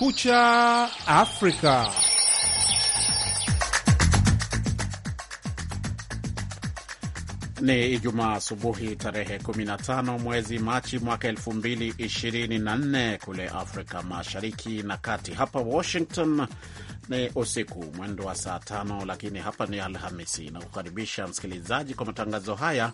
Kumekucha Afrika. Ni Ijumaa asubuhi tarehe 15 mwezi Machi mwaka 2024 kule Afrika Mashariki na Kati. Hapa Washington ni usiku mwendo wa saa tano, lakini hapa ni Alhamisi na kukaribisha msikilizaji kwa matangazo haya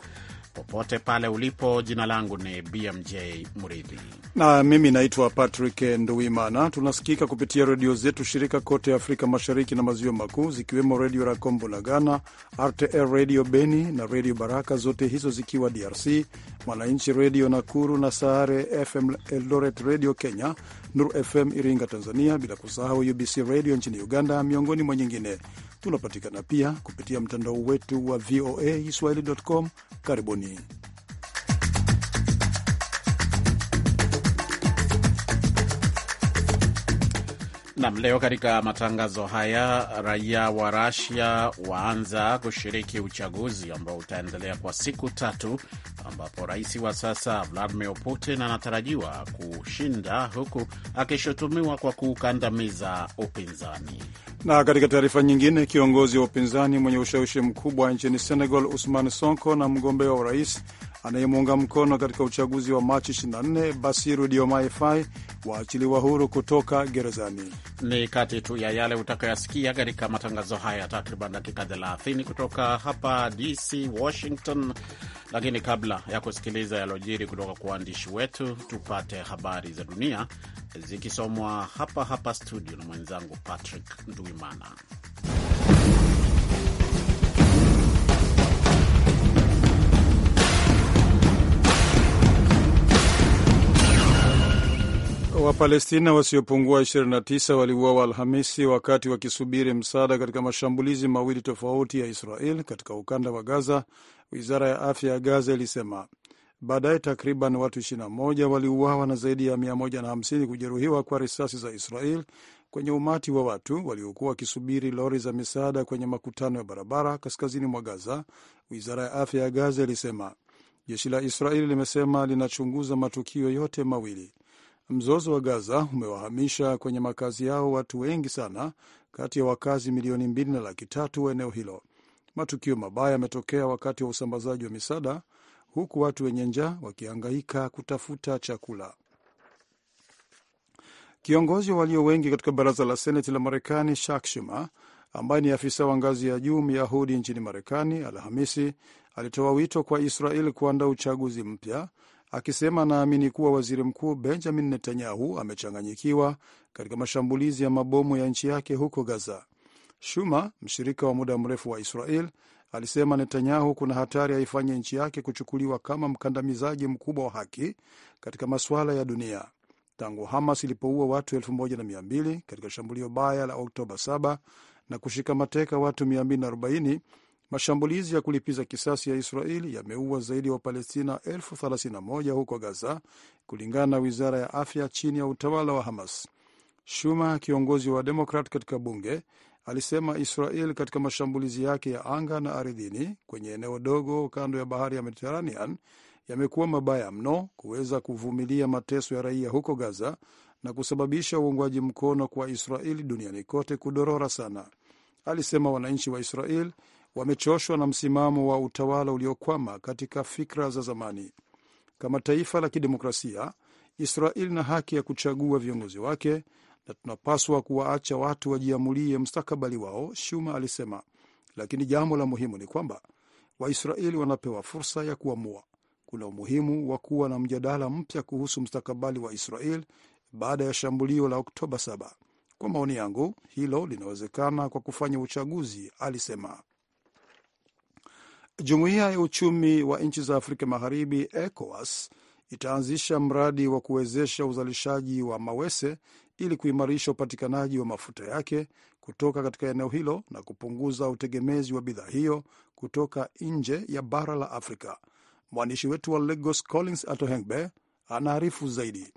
popote pale ulipo. Jina langu ni BMJ Muridhi na mimi naitwa Patrick nduimana Tunasikika kupitia redio zetu shirika kote Afrika Mashariki na Maziwa Makuu, zikiwemo Redio racombo la Ghana, RTL Redio Beni na Redio Baraka, zote hizo zikiwa DRC, Mwananchi Redio Nakuru na Sahare FM Eldoret Redio Kenya, Nur FM Iringa Tanzania, bila kusahau UBC Redio nchini Uganda, miongoni mwa nyingine. Tunapatikana pia kupitia mtandao wetu wa VOA swahili.com. Karibuni. Nam, leo katika matangazo haya, raia wa Rasia waanza kushiriki uchaguzi ambao utaendelea kwa siku tatu, ambapo rais wa sasa Vladimir Putin anatarajiwa kushinda huku akishutumiwa kwa kukandamiza upinzani. Na katika taarifa nyingine, kiongozi wa upinzani mwenye ushawishi mkubwa nchini Senegal Usman Sonko na mgombea wa urais anayemuunga mkono katika uchaguzi wa Machi 24 Basiru Diomaye Faye waachiliwa huru kutoka gerezani. Ni kati tu ya yale utakayasikia katika matangazo haya takriban dakika 30 kutoka hapa DC Washington. Lakini kabla ya kusikiliza yalojiri kutoka kwa waandishi wetu, tupate habari za dunia zikisomwa hapa hapa studio na mwenzangu Patrick Nduimana. Wapalestina wasiopungua 29 waliuawa Alhamisi wakati wakisubiri msaada katika mashambulizi mawili tofauti ya Israel katika ukanda wa Gaza, wizara ya afya ya Gaza ilisema. Baadaye takriban watu 21 waliuawa na zaidi ya 150 kujeruhiwa kwa risasi za Israel kwenye umati wa watu waliokuwa wakisubiri lori za misaada kwenye makutano ya barabara kaskazini mwa Gaza, wizara ya afya ya Gaza ilisema. Jeshi la Israeli limesema linachunguza matukio yote mawili. Mzozo wa Gaza umewahamisha kwenye makazi yao watu wengi sana, kati ya wakazi milioni mbili na laki tatu wa eneo hilo. Matukio mabaya yametokea wakati wa usambazaji wa misaada, huku watu wenye njaa wakihangaika kutafuta chakula. Kiongozi wa walio wengi katika baraza la seneti la Marekani, Chuck Schumer, ambaye ni afisa wa ngazi ya juu myahudi nchini Marekani, Alhamisi alitoa wito kwa Israel kuandaa uchaguzi mpya akisema anaamini kuwa waziri mkuu Benjamin Netanyahu amechanganyikiwa katika mashambulizi ya mabomu ya nchi yake huko Gaza. Shuma, mshirika wa muda mrefu wa Israel, alisema Netanyahu kuna hatari aifanye nchi yake kuchukuliwa kama mkandamizaji mkubwa wa haki katika masuala ya dunia. Tangu Hamas ilipoua watu 1200 katika shambulio baya la Oktoba 7 na kushika mateka watu 240 Mashambulizi ya kulipiza kisasi ya Israeli yameua zaidi ya wa Wapalestina elfu 31 huko Gaza, kulingana na wizara ya afya chini ya utawala wa Hamas. Shuma, kiongozi wa Demokrat katika bunge, alisema Israel katika mashambulizi yake ya anga na ardhini kwenye eneo dogo kando ya bahari ya Mediteranean yamekuwa mabaya mno kuweza kuvumilia mateso ya raia huko Gaza na kusababisha uungwaji mkono kwa Israeli duniani kote kudorora sana. Alisema wananchi wa Israel wamechoshwa na msimamo wa utawala uliokwama katika fikra za zamani. Kama taifa la kidemokrasia, Israeli na haki ya kuchagua viongozi wake na tunapaswa kuwaacha watu wajiamulie mstakabali wao, Shuma alisema. Lakini jambo la muhimu ni kwamba Waisraeli wanapewa fursa ya kuamua. Kuna umuhimu wa kuwa na mjadala mpya kuhusu mstakabali wa Israel baada ya shambulio la Oktoba 7. Kwa maoni yangu, hilo linawezekana kwa kufanya uchaguzi, alisema. Jumuiya ya uchumi wa nchi za Afrika Magharibi, ECOWAS, itaanzisha mradi wa kuwezesha uzalishaji wa mawese ili kuimarisha upatikanaji wa mafuta yake kutoka katika eneo hilo na kupunguza utegemezi wa bidhaa hiyo kutoka nje ya bara la Afrika. Mwandishi wetu wa Lagos, Collins Atohengbe, anaarifu zaidi.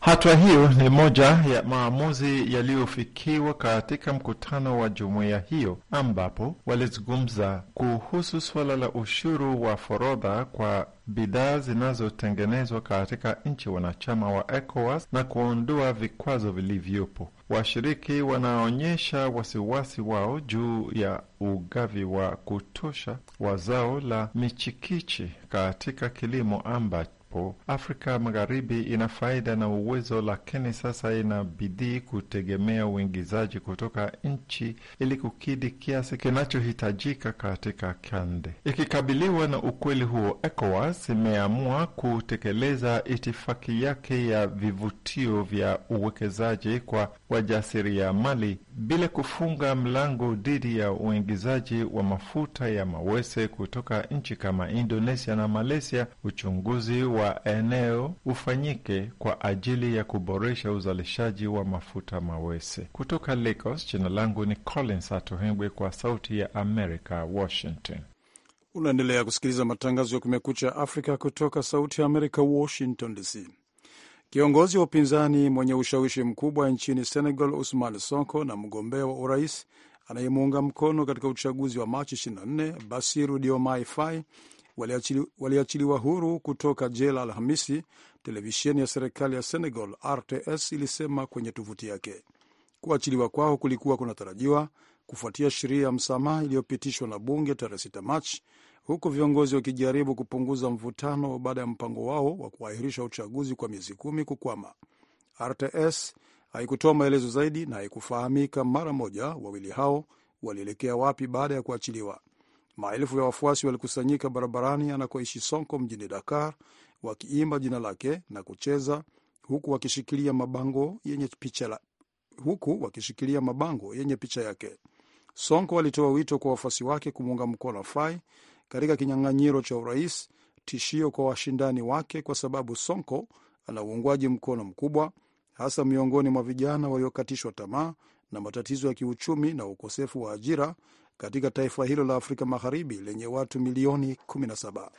Hatua hiyo ni moja ya maamuzi yaliyofikiwa katika mkutano wa jumuiya hiyo ambapo walizungumza kuhusu suala la ushuru wa forodha kwa bidhaa zinazotengenezwa katika nchi wanachama wa ECOWAS na kuondoa vikwazo vilivyopo. Washiriki wanaonyesha wasiwasi wao juu ya ugavi wa kutosha wa zao la michikichi katika kilimo ambacho ambapo Afrika Magharibi ina faida na uwezo, lakini sasa ina bidhii kutegemea uingizaji kutoka nchi ili kukidi kiasi kinachohitajika katika kande. Ikikabiliwa na ukweli huo, ECOWAS imeamua kutekeleza itifaki yake ya vivutio vya uwekezaji kwa mali bila kufunga mlango dhidi ya uingizaji wa mafuta ya mawese kutoka nchi kama Indonesia na Malaysia. Uchunguzi wa eneo ufanyike kwa ajili ya kuboresha uzalishaji wa mafuta mawese. Kutoka Lagos, jina langu ni Collins Atohengwe kwa Sauti ya Amerika, Washington. Unaendelea kusikiliza matangazo ya Kumekucha Afrika kutoka Sauti ya Amerika, Washington DC. Kiongozi wa upinzani mwenye ushawishi mkubwa nchini Senegal, Usman Sonko, na mgombea wa urais anayemuunga mkono katika uchaguzi wa Machi 24 Basiru Diomaye Faye waliachiliwa wali huru kutoka jela Alhamisi, televisheni ya serikali ya Senegal RTS ilisema kwenye tovuti yake. Kuachiliwa kwao kulikuwa kunatarajiwa kufuatia sheria ya msamaha iliyopitishwa na bunge tarehe 6 Machi, huku viongozi wakijaribu kupunguza mvutano baada ya mpango wao wa kuahirisha uchaguzi kwa miezi kumi kukwama. RTS haikutoa maelezo zaidi na haikufahamika mara moja wawili hao walielekea wapi baada ya kuachiliwa. Maelfu ya wafuasi walikusanyika barabarani anakoishi Sonko mjini Dakar, wakiimba jina lake na kucheza huku wakishikilia mabango yenye picha la, huku wakishikilia mabango yenye picha yake. Sonko alitoa wito kwa wafuasi wake kumuunga mkono fai katika kinyang'anyiro cha urais, tishio kwa washindani wake, kwa sababu Sonko ana uungwaji mkono mkubwa, hasa miongoni mwa vijana waliokatishwa tamaa na matatizo ya kiuchumi na ukosefu wa ajira katika taifa hilo la Afrika Magharibi lenye watu milioni 17.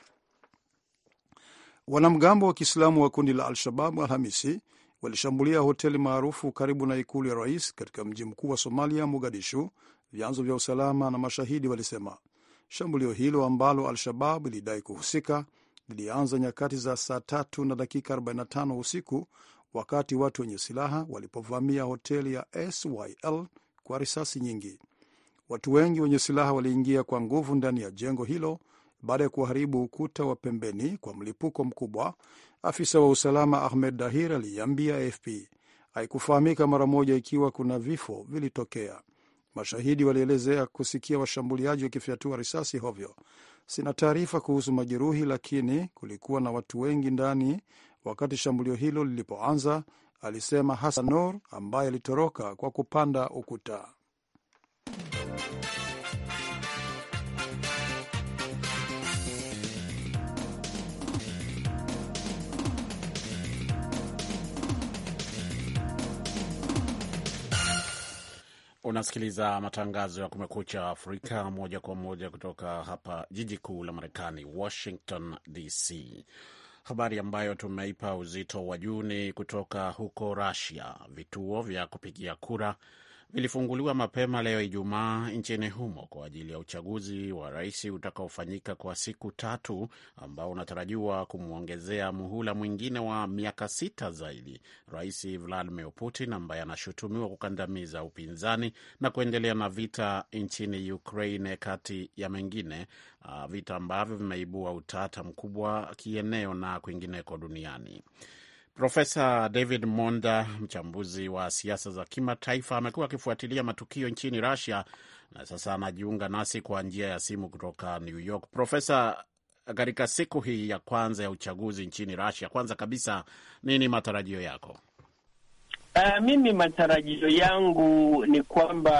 Wanamgambo wa Kiislamu wa kundi la al shabab Alhamisi walishambulia hoteli maarufu karibu na ikulu ya rais katika mji mkuu wa Somalia, Mogadishu, vyanzo vya usalama na mashahidi walisema. Shambulio hilo ambalo Al-Shabab ilidai kuhusika lilianza nyakati za saa tatu na dakika 45 usiku wakati watu wenye silaha walipovamia hoteli ya SYL kwa risasi nyingi. Watu wengi wenye silaha waliingia kwa nguvu ndani ya jengo hilo baada ya kuharibu ukuta wa pembeni kwa mlipuko mkubwa, afisa wa usalama Ahmed Dahir aliiambia AFP. Haikufahamika mara moja ikiwa kuna vifo vilitokea. Mashahidi walielezea kusikia washambuliaji wakifyatua risasi hovyo. Sina taarifa kuhusu majeruhi, lakini kulikuwa na watu wengi ndani wakati shambulio hilo lilipoanza, alisema Hassan Nur ambaye alitoroka kwa kupanda ukuta. Unasikiliza matangazo ya Kumekucha Afrika moja kwa moja kutoka hapa jiji kuu la Marekani, Washington DC. Habari ambayo tumeipa uzito wa juu ni kutoka huko rasia Vituo vya kupigia kura vilifunguliwa mapema leo Ijumaa nchini humo kwa ajili ya uchaguzi wa rais utakaofanyika kwa siku tatu, ambao unatarajiwa kumwongezea muhula mwingine wa miaka sita zaidi Rais Vladimir Putin ambaye anashutumiwa kukandamiza upinzani na kuendelea na vita nchini Ukraine, kati ya mengine, vita ambavyo vimeibua utata mkubwa kieneo na kwingineko duniani. Profesa David Monda, mchambuzi wa siasa za kimataifa, amekuwa akifuatilia matukio nchini Russia na sasa anajiunga nasi kwa njia ya simu kutoka New York. Profesa, katika siku hii ya kwanza ya uchaguzi nchini Russia, kwanza kabisa, nini matarajio yako? Uh, mimi matarajio yangu ni kwamba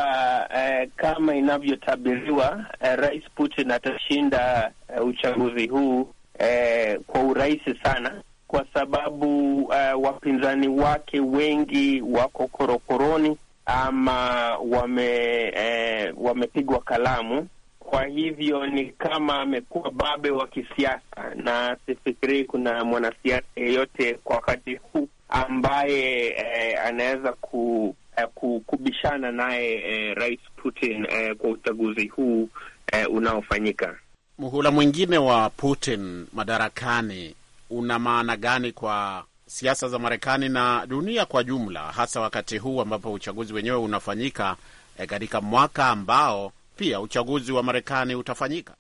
uh, kama inavyotabiriwa uh, Rais Putin atashinda uh, uchaguzi huu uh, kwa urahisi sana kwa sababu uh, wapinzani wake wengi wako korokoroni ama wame eh, wamepigwa kalamu. Kwa hivyo ni kama amekuwa babe wa kisiasa, na sifikirii kuna mwanasiasa yeyote kwa wakati huu ambaye eh, anaweza ku, eh, kubishana naye eh, Rais Putin eh, kwa uchaguzi huu eh, unaofanyika. Muhula mwingine wa Putin madarakani una maana gani kwa siasa za Marekani na dunia kwa jumla, hasa wakati huu ambapo uchaguzi wenyewe unafanyika eh, katika e, mwaka ambao pia uchaguzi wa Marekani utafanyika?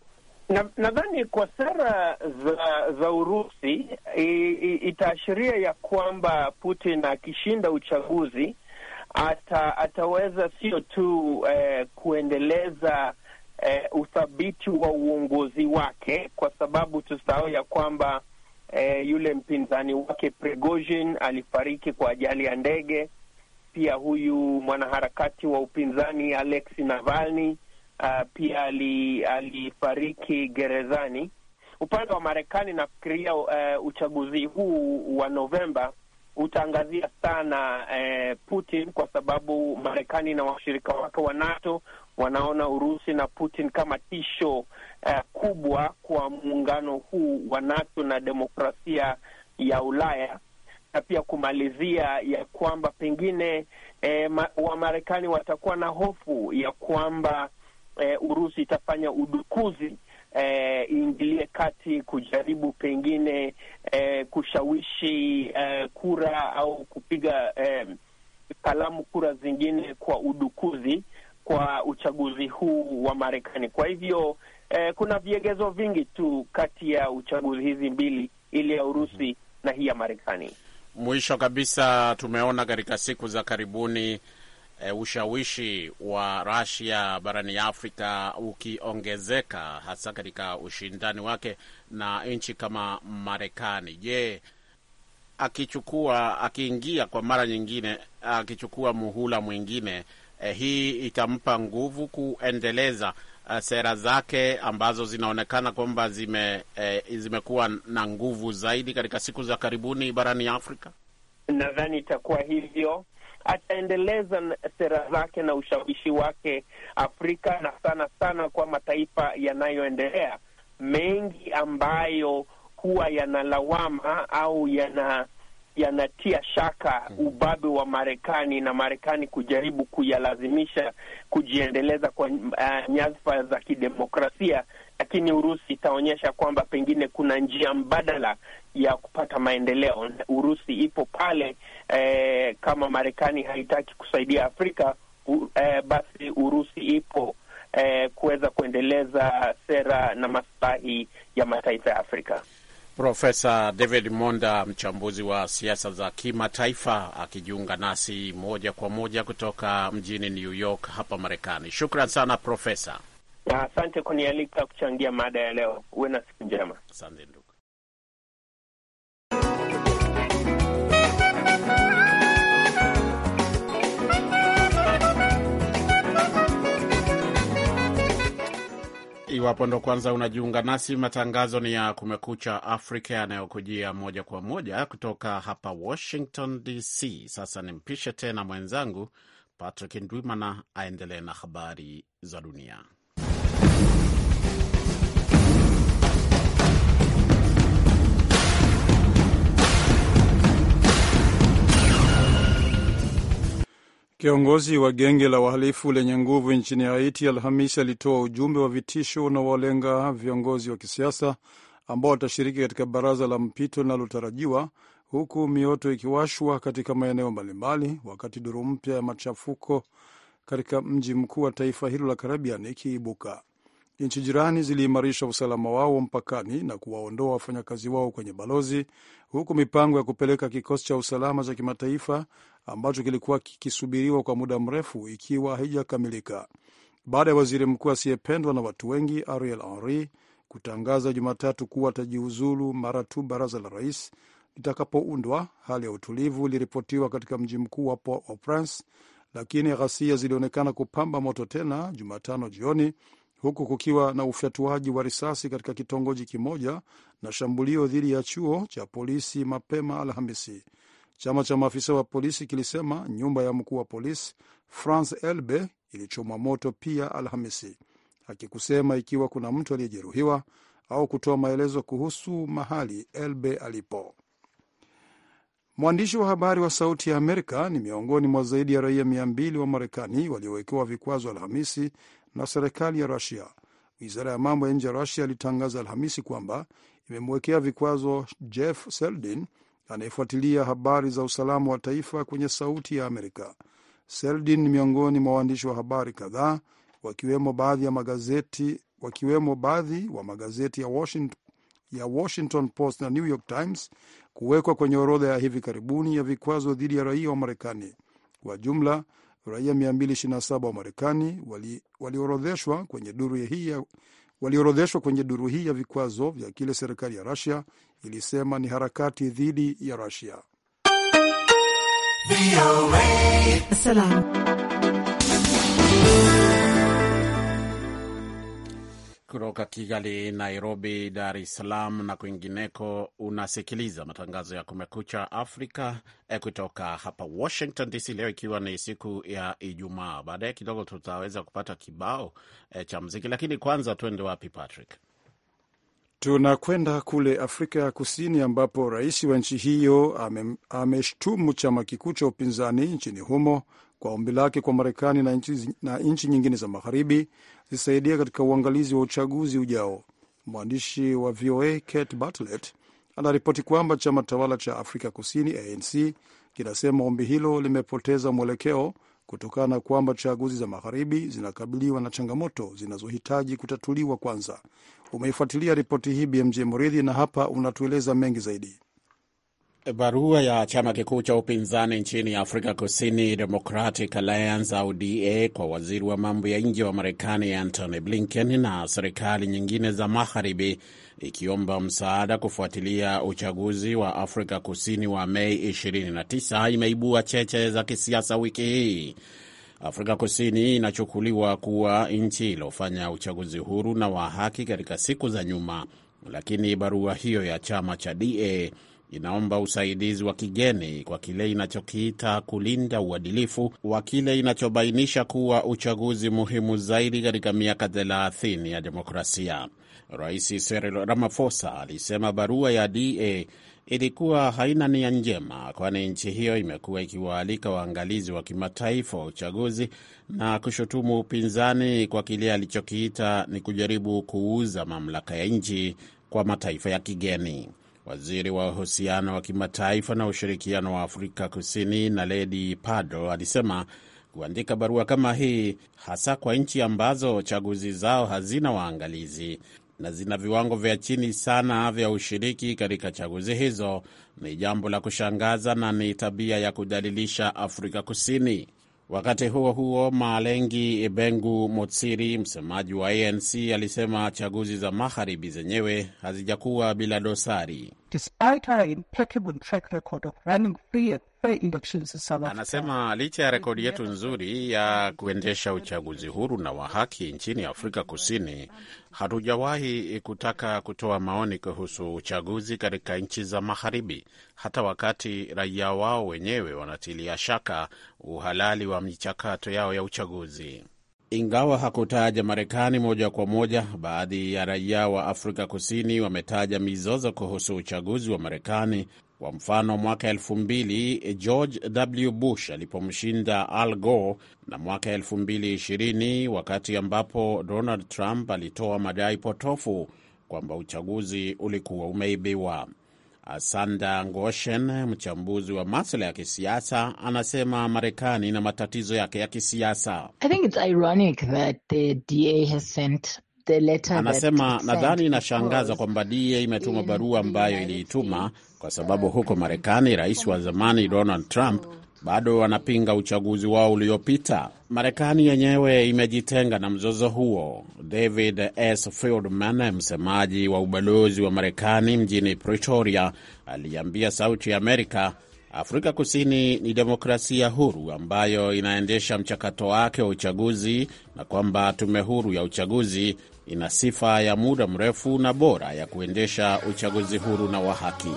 Nadhani na kwa sera za, za Urusi itaashiria ya kwamba Putin akishinda uchaguzi ata, ataweza sio tu eh, kuendeleza eh, uthabiti wa uongozi wake, kwa sababu tusahau ya kwamba eh, yule mpinzani wake Prigozhin alifariki kwa ajali ya ndege. Pia huyu mwanaharakati wa upinzani Alexei Navalny uh, pia alifariki gerezani. Upande wa Marekani nafikiria uh, uchaguzi huu wa Novemba utaangazia sana eh, Putin kwa sababu Marekani na washirika wake wa NATO wanaona Urusi na Putin kama tisho uh, kubwa kwa muungano huu wa NATO na demokrasia ya Ulaya, na pia kumalizia ya kwamba pengine eh, ma, Wamarekani watakuwa na hofu ya kwamba eh, Urusi itafanya udukuzi eh, iingilie kati kujaribu pengine eh, kushawishi eh, kura au kupiga eh, kalamu kura zingine kwa udukuzi kwa uchaguzi huu wa Marekani. Kwa hivyo eh, kuna viegezo vingi tu kati ya uchaguzi hizi mbili, ile ya Urusi mm -hmm. na hii ya Marekani. Mwisho kabisa, tumeona katika siku za karibuni E, ushawishi wa Russia barani Afrika ukiongezeka hasa katika ushindani wake na nchi kama Marekani. Je, akichukua akiingia kwa mara nyingine, akichukua muhula mwingine eh, hii itampa nguvu kuendeleza eh, sera zake ambazo zinaonekana kwamba zime, eh, zimekuwa na nguvu zaidi katika siku za karibuni barani Afrika. Nadhani itakuwa hivyo, ataendeleza sera zake na ushawishi wake Afrika na sana sana kwa mataifa yanayoendelea mengi ambayo huwa yanalawama au yana yanatia shaka hmm. ubabe wa Marekani na Marekani kujaribu kuyalazimisha kujiendeleza kwa uh, nyadhifa za kidemokrasia, lakini Urusi itaonyesha kwamba pengine kuna njia mbadala ya kupata maendeleo. Urusi ipo pale eh, kama Marekani haitaki kusaidia Afrika uh, eh, basi Urusi ipo eh, kuweza kuendeleza sera na maslahi ya mataifa ya Afrika. Profesa David Monda, mchambuzi wa siasa za kimataifa, akijiunga nasi moja kwa moja kutoka mjini New York hapa Marekani. Shukran sana Profesa, asante kunialika kuchangia mada ya leo. Uwe na siku njema. Asante. iwapo ndo kwanza unajiunga nasi, matangazo ni ya Kumekucha Afrika yanayokujia moja kwa moja kutoka hapa Washington DC. Sasa nimpishe tena mwenzangu Patrick Ndwimana aendelee na habari za dunia. Kiongozi wa genge la wahalifu lenye nguvu nchini Haiti Alhamisi alitoa ujumbe wa vitisho unaowalenga viongozi wa kisiasa ambao watashiriki katika baraza la mpito linalotarajiwa, huku mioto ikiwashwa katika maeneo mbalimbali, wakati duru mpya ya machafuko katika mji mkuu wa taifa hilo la Karibiani ikiibuka. Nchi jirani ziliimarisha usalama wao mpakani na kuwaondoa wafanyakazi wao kwenye balozi, huku mipango ya kupeleka kikosi cha usalama cha kimataifa ambacho kilikuwa kikisubiriwa kwa muda mrefu ikiwa haijakamilika baada ya waziri mkuu asiyependwa na watu wengi Ariel Henry kutangaza Jumatatu kuwa atajiuzulu mara tu baraza la rais litakapoundwa. Hali ya utulivu iliripotiwa katika mji mkuu wa Port-au-Prince, lakini ghasia zilionekana kupamba moto tena Jumatano jioni, huku kukiwa na ufyatuaji wa risasi katika kitongoji kimoja na shambulio dhidi ya chuo cha polisi mapema Alhamisi. Chama cha maafisa wa polisi kilisema nyumba ya mkuu wa polisi Franz Elbe ilichomwa moto pia Alhamisi, akikusema ikiwa kuna mtu aliyejeruhiwa au kutoa maelezo kuhusu mahali Elbe alipo. Mwandishi wa habari wa Sauti ya Amerika ni miongoni mwa zaidi ya raia mia mbili wa Marekani waliowekewa vikwazo Alhamisi na serikali ya Rusia. Wizara ya mambo ya nje ya Rusia ilitangaza Alhamisi kwamba imemwekea vikwazo Jeff Seldin, anayefuatilia habari za usalama wa taifa kwenye Sauti ya Amerika. Seldin ni miongoni mwa waandishi wa habari kadhaa wakiwemo baadhi ya magazeti wakiwemo baadhi wa magazeti ya Washington, ya Washington Post na New York Times kuwekwa kwenye orodha ya hivi karibuni ya vikwazo dhidi ya raia wa Marekani. Kwa jumla raia 227 wa Marekani waliorodheshwa wali kwenye duru hii ya, waliorodheshwa kwenye duru hii ya vikwazo vya kile serikali ya rusia ilisema ni harakati dhidi ya Russia kutoka Kigali, Nairobi, Dar es Salaam na kwingineko. Unasikiliza matangazo ya Kumekucha Afrika eh, kutoka hapa Washington DC, leo ikiwa ni siku ya Ijumaa. Baadaye kidogo tutaweza kupata kibao e, cha mziki, lakini kwanza tuende wapi, Patrick? Tunakwenda kule Afrika ya Kusini, ambapo rais wa nchi hiyo ameshtumu ame chama kikuu cha upinzani nchini humo kwa ombi lake kwa Marekani na nchi, na nchi nyingine za magharibi zisaidia katika uangalizi wa uchaguzi ujao. Mwandishi wa VOA Kate Bartlett anaripoti kwamba chama tawala cha Afrika Kusini ANC kinasema ombi hilo limepoteza mwelekeo kutokana na kwamba chaguzi za magharibi zinakabiliwa na changamoto zinazohitaji kutatuliwa kwanza. Umeifuatilia ripoti hii BMJ Muridhi, na hapa unatueleza mengi zaidi. Barua ya chama kikuu cha upinzani nchini Afrika Kusini, Democratic Alliance au DA, kwa waziri wa mambo ya nje wa Marekani Antony Blinken na serikali nyingine za Magharibi ikiomba msaada kufuatilia uchaguzi wa Afrika Kusini wa Mei 29 imeibua cheche za kisiasa wiki hii. Afrika Kusini inachukuliwa kuwa nchi iliyofanya uchaguzi huru na wa haki katika siku za nyuma, lakini barua hiyo ya chama cha DA inaomba usaidizi wa kigeni kwa kile inachokiita kulinda uadilifu wa kile inachobainisha kuwa uchaguzi muhimu zaidi katika miaka 30 ya demokrasia. Rais Cyril Ramaphosa alisema barua ya DA ilikuwa haina nia njema, kwani nchi hiyo imekuwa ikiwaalika waangalizi wa kimataifa wa uchaguzi na kushutumu upinzani kwa kile alichokiita ni kujaribu kuuza mamlaka ya nchi kwa mataifa ya kigeni. Waziri wa uhusiano wa kimataifa na ushirikiano wa Afrika Kusini na ledi pado alisema kuandika barua kama hii, hasa kwa nchi ambazo chaguzi zao hazina waangalizi na zina viwango vya chini sana vya ushiriki katika chaguzi hizo, ni jambo la kushangaza na ni tabia ya kudalilisha Afrika Kusini. Wakati huo huo, malengi Bengu Motsiri, msemaji wa ANC, alisema chaguzi za magharibi zenyewe hazijakuwa bila dosari. Despite our impeccable track record of running free and Anasema licha ya rekodi yetu nzuri ya kuendesha uchaguzi huru na wa haki nchini Afrika Kusini, hatujawahi kutaka kutoa maoni kuhusu uchaguzi katika nchi za Magharibi, hata wakati raia wao wenyewe wanatilia shaka uhalali wa michakato yao ya uchaguzi. Ingawa hakutaja Marekani moja kwa moja, baadhi ya raia wa Afrika Kusini wametaja mizozo kuhusu uchaguzi wa Marekani kwa mfano, mwaka mbili eh, George W. Bush alipomshinda Al Gore na mwaka ishirini wakati ambapo Donald Trump alitoa madai potofu kwamba uchaguzi ulikuwa umeibiwa. Asanda Ngoshen, mchambuzi wa masuala ya kisiasa, anasema Marekani na matatizo yake ya kisiasa. I think it's ironic that the DA has sent Anasema nadhani inashangaza kwamba da imetuma barua ambayo iliituma, kwa sababu huko Marekani rais wa zamani Donald Trump bado wanapinga uchaguzi wao uliopita. Marekani yenyewe imejitenga na mzozo huo. David S. Fieldman, msemaji wa ubalozi wa Marekani mjini Pretoria, aliambia Sauti ya Amerika, Afrika Kusini ni demokrasia huru ambayo inaendesha mchakato wake wa uchaguzi na kwamba tume huru ya uchaguzi ina sifa ya muda mrefu na bora ya kuendesha uchaguzi huru na wa haki.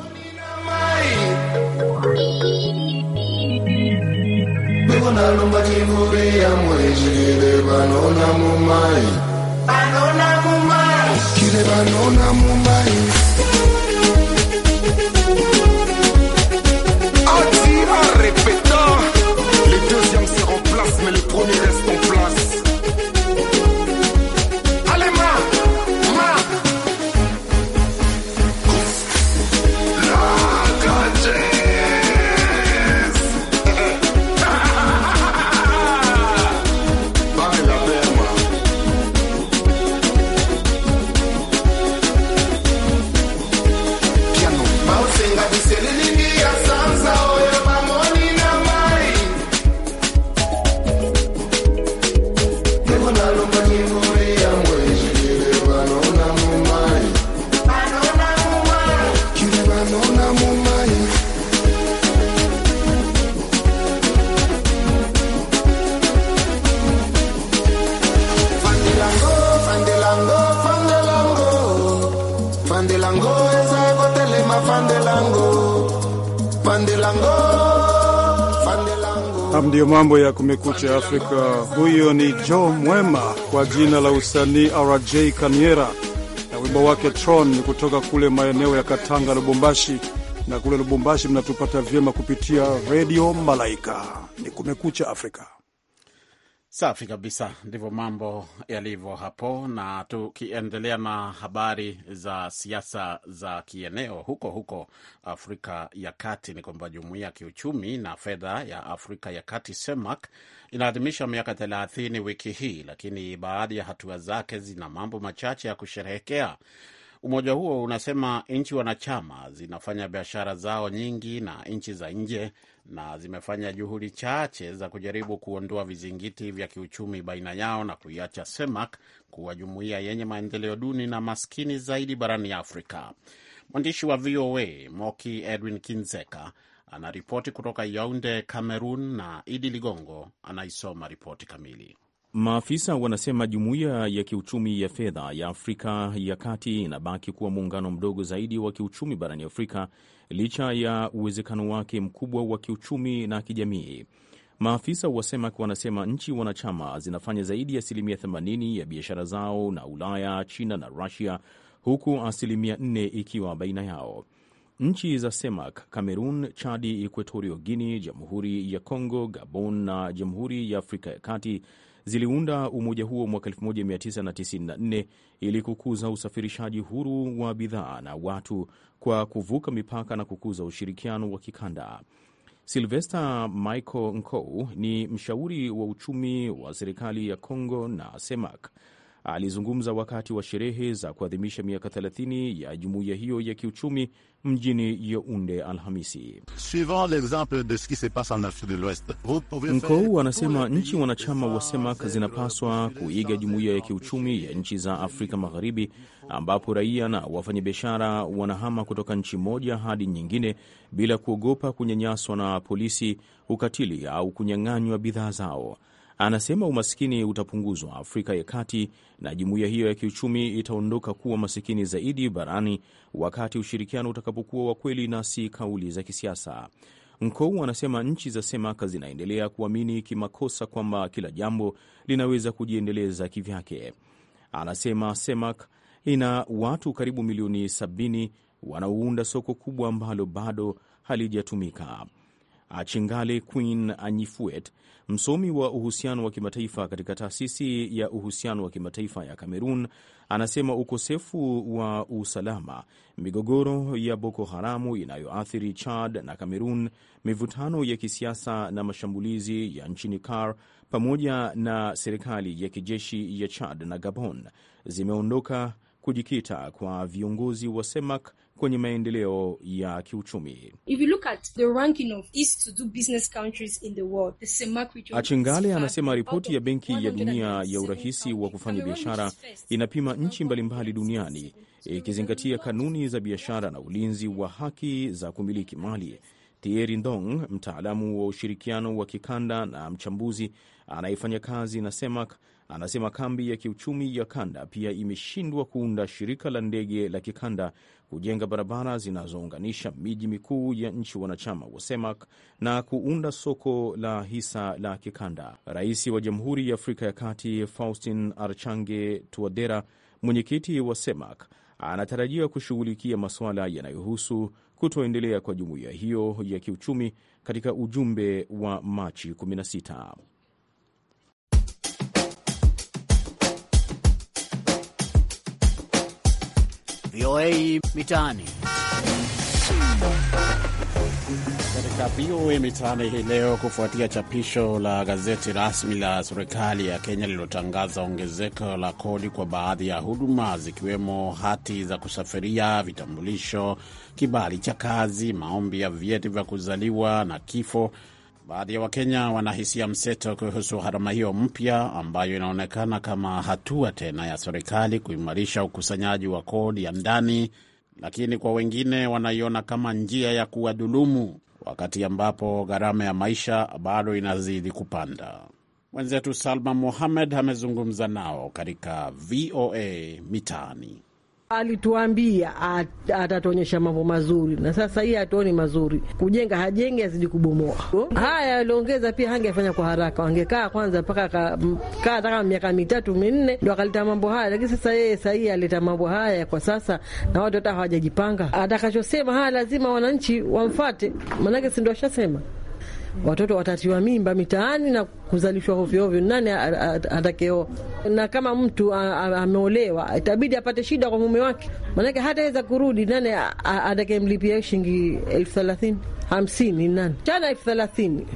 ndiyo mambo ya kumekucha Afrika. Huyo ni Joe Mwema kwa jina la usanii RJ Kaniera na wimbo wake Tron ni kutoka kule maeneo ya Katanga, Lubumbashi. Na kule Lubumbashi mnatupata vyema kupitia Redio Malaika. Ni kumekucha Afrika. Safi kabisa, ndivyo mambo yalivyo hapo. Na tukiendelea na habari za siasa za kieneo huko huko Afrika ya Kati, ni kwamba jumuiya ya kiuchumi na fedha ya Afrika ya Kati CEMAC inaadhimisha miaka 30 wiki hii, lakini baadhi ya hatua zake zina mambo machache ya kusherehekea. Umoja huo unasema nchi wanachama zinafanya biashara zao nyingi na nchi za nje na zimefanya juhudi chache za kujaribu kuondoa vizingiti vya kiuchumi baina yao na kuiacha CEMAC kuwa jumuiya yenye maendeleo duni na maskini zaidi barani Afrika. Mwandishi wa VOA Moki Edwin Kinzeka anaripoti kutoka Yaunde, Cameroon, na Idi Ligongo anaisoma ripoti kamili. Maafisa wanasema jumuiya ya kiuchumi ya fedha ya Afrika ya Kati inabaki kuwa muungano mdogo zaidi wa kiuchumi barani Afrika licha ya uwezekano wake mkubwa wa kiuchumi na kijamii. Maafisa wa semak wanasema nchi wanachama zinafanya zaidi ya asilimia 80 ya biashara zao na Ulaya, China na Rusia, huku asilimia 4 ikiwa baina yao. Nchi za SEMAK, Cameroon, Chadi, Equatorio Guinea, Jamhuri ya Congo, Gabon na Jamhuri ya Afrika ya Kati Ziliunda umoja huo mwaka 1994 ili kukuza usafirishaji huru wa bidhaa na watu kwa kuvuka mipaka na kukuza ushirikiano wa kikanda. Silvester Michael Nkou ni mshauri wa uchumi wa serikali ya congo na CEMAC. Alizungumza wakati wa sherehe za kuadhimisha miaka 30 ya jumuiya hiyo ya kiuchumi mjini Yaounde Alhamisi. Mkou anasema nchi wanachama wa SEMAK zinapaswa kuiga jumuiya ya kiuchumi ya nchi za Afrika Magharibi, ambapo raia na wafanyabiashara wanahama kutoka nchi moja hadi nyingine bila kuogopa kunyanyaswa na polisi, ukatili au kunyang'anywa bidhaa zao. Anasema umasikini utapunguzwa Afrika ya Kati na jumuiya hiyo ya kiuchumi itaondoka kuwa masikini zaidi barani wakati ushirikiano utakapokuwa wa kweli na si kauli za kisiasa. Nkou anasema nchi za SEMAKA zinaendelea kuamini kimakosa kwamba kila jambo linaweza kujiendeleza kivyake. Anasema SEMAK ina watu karibu milioni 70 wanaounda soko kubwa ambalo bado halijatumika. Achingale Queen Anyifuet, msomi wa uhusiano wa kimataifa katika taasisi ya uhusiano wa kimataifa ya Kamerun, anasema ukosefu wa usalama, migogoro ya Boko Haramu inayoathiri Chad na Kamerun, mivutano ya kisiasa na mashambulizi ya nchini CAR pamoja na serikali ya kijeshi ya Chad na Gabon zimeondoka kujikita kwa viongozi wa SEMAK kwenye maendeleo ya kiuchumi. achingale anasema ripoti ya Benki ya Dunia ya urahisi wa kufanya biashara inapima nchi mbalimbali duniani ikizingatia kanuni za biashara na ulinzi wa haki za kumiliki mali. Thierry Ndong, mtaalamu wa ushirikiano wa kikanda na mchambuzi anayefanya kazi na semak anasema kambi ya kiuchumi ya kanda pia imeshindwa kuunda shirika la ndege la kikanda, kujenga barabara zinazounganisha miji mikuu ya nchi wanachama wa Semak na kuunda soko la hisa la kikanda. Rais wa Jamhuri ya Afrika ya Kati Faustin Archange Touadera, mwenyekiti wa semak anatarajia kushughulikia masuala yanayohusu kutoendelea kwa jumuiya hiyo ya kiuchumi katika ujumbe wa Machi 16. VOA Mitaani. Katika VOA Mitaani hii leo, kufuatia chapisho la gazeti rasmi la serikali ya Kenya lililotangaza ongezeko la kodi kwa baadhi ya huduma zikiwemo hati za kusafiria, vitambulisho, kibali cha kazi, maombi ya vyeti vya kuzaliwa na kifo Baadhi ya Wakenya wanahisia mseto kuhusu harama hiyo mpya ambayo inaonekana kama hatua tena ya serikali kuimarisha ukusanyaji wa kodi ya ndani, lakini kwa wengine wanaiona kama njia ya kuwadhulumu, wakati ambapo gharama ya maisha bado inazidi kupanda. Mwenzetu Salma Mohamed amezungumza nao katika VOA Mitaani. Alituambia atatuonyesha mambo mazuri, na sasa hii hatuoni mazuri. Kujenga hajengi, azidi kubomoa. Oh, haya aliongeza pia, hangefanya kwa haraka, wangekaa kwanza mpaka kaa taka miaka mitatu minne, ndo akaleta mambo haya. Lakini sasa yeye sahii aleta mambo haya kwa sasa, na watu hata hawajajipanga. Atakachosema haya lazima wananchi wamfate, manake sindo ashasema watoto watatiwa mimba mitaani na kuzalishwa hovyohovyo. Nani atakeoa? Na kama mtu ameolewa, itabidi apate shida kwa mume wake, maanake hataweza kurudi. Nani atakemlipia shilingi elfu thelathini hamsini nani chana elfu thelathini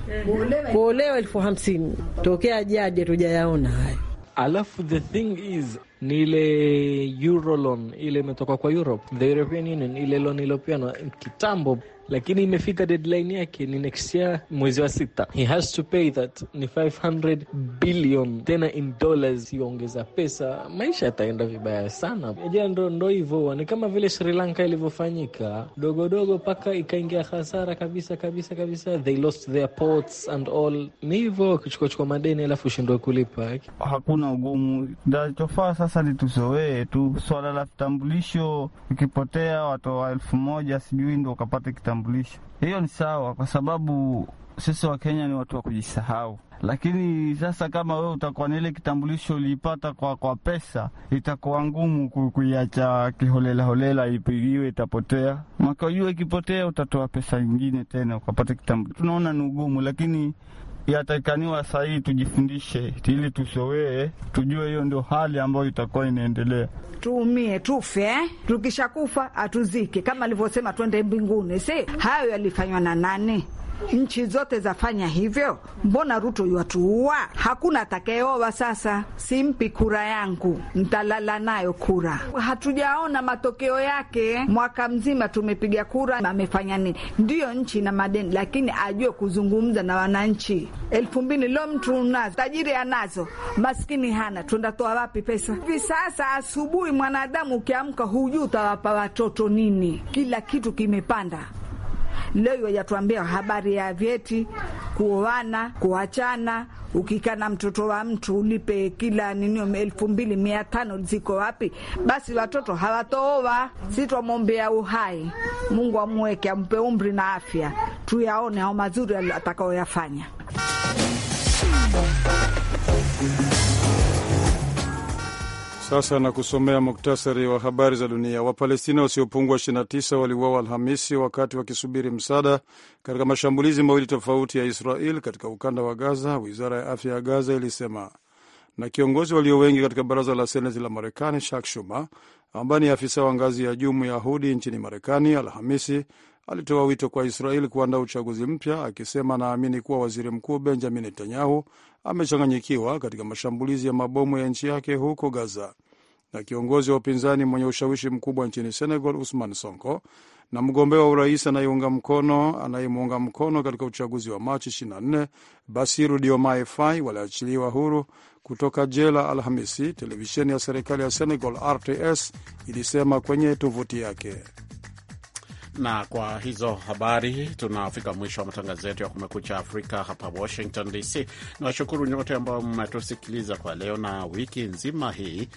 kuolewa elfu hamsini tokea jaji tujayaona haya. Alafu the thing is ni ile Euroloan ile imetoka kwa Europe, the European Union, ile loan iliyopeanwa kitambo lakini imefika deadline yake ni next year mwezi wa sita. He has to pay that ni 500 billion tena in dollars. Iongeza pesa, maisha yataenda vibaya sana. Ja, ndo ndo hivo, ni kama vile Sri Lanka ilivyofanyika dogodogo mpaka ikaingia hasara kabisa kabisa kabisa. They lost their ports and all. Ni hivyo kuchukuachukua madeni alafu ushindwe kulipa, hakuna ugumu. Nachofaa sasa ni tuzoee tu swala la vitambulisho, ikipotea watu wa elfu moja sijui ndo ukapata kitambulisho. Hiyo ni sawa, kwa sababu sisi Wakenya ni watu wa kujisahau, lakini sasa kama wewe utakuwa na ile kitambulisho uliipata kwa, kwa pesa, itakuwa ngumu kuiacha kiholelaholela, ipigiwe itapotea. Maka ujua ikipotea, utatoa pesa nyingine tena ukapata kitambulisho. Tunaona ni ugumu, lakini yatakikaniwa hii tujifundishe, ili tusowee, tujue hiyo ndio hali ambayo itakuwa inaendelea. Tuumie, tufe eh? Tukishakufa hatuzike kama alivyosema, twende mbinguni. Si hayo yalifanywa na nani? Nchi zote zafanya hivyo, mbona Ruto yuatuua? Hakuna atakayeoa sasa. Simpi kura yangu, ntalala nayo kura. Hatujaona matokeo yake, mwaka mzima tumepiga kura, amefanya nini? Ndiyo nchi na madeni, lakini ajue kuzungumza na wananchi. elfu mbili leo mtu unazo, tajiri anazo, maskini hana, tundatoa wapi pesa hivi sasa? Asubuhi mwanadamu ukiamka, hujui utawapa watoto nini, kila kitu kimepanda. Leo yatuambia habari ya vyeti, kuoana, kuachana. Ukikaa na mtoto wa mtu ulipe kila ninio elfu mbili mia tano ziko wapi? Basi watoto hawatooa. Sitomwombea uhai, Mungu amweke, ampe umri na afya, tuyaone ao mazuri atakaoyafanya. Sasa nakusomea muktasari wa habari za dunia. Wapalestina wasiopungua 29 waliuawa Alhamisi wakati wakisubiri msaada katika mashambulizi mawili tofauti ya Israel katika ukanda wa Gaza, wizara ya afya ya Gaza ilisema. Na kiongozi walio wengi katika baraza la seneti la Marekani, Chuck Schumer, ambaye ni afisa wa ngazi ya juu Myahudi nchini Marekani, Alhamisi alitoa wito kwa Israel kuandaa uchaguzi mpya, akisema anaamini kuwa waziri mkuu Benjamin Netanyahu amechanganyikiwa katika mashambulizi ya mabomu ya nchi yake huko Gaza, na kiongozi wa upinzani mwenye ushawishi mkubwa nchini Senegal Usman Sonko na mgombea wa urais anayeunga mkono anayemuunga mkono katika uchaguzi wa Machi 24 Basiru Diomaye Faye waliachiliwa huru kutoka jela Alhamisi, televisheni ya serikali ya Senegal RTS ilisema kwenye tovuti yake. Na kwa hizo habari tunafika mwisho wa matangazo yetu ya Kumekucha Afrika hapa Washington DC. washukuru nyote ambao mmetusikiliza kwa leo na wiki nzima hii,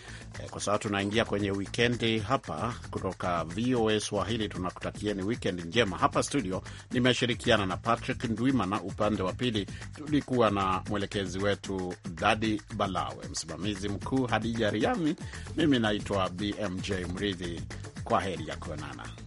e, kwa sababu tunaingia kwenye wikendi hapa. Kutoka VOA Swahili tunakutakieni wikendi njema. Hapa studio nimeshirikiana na Patrick Ndwimana, upande wa pili tulikuwa na mwelekezi wetu Dadi Balawe, msimamizi mkuu Hadija Riami, mimi naitwa BMJ Mridhi. Kwa heri ya kuonana.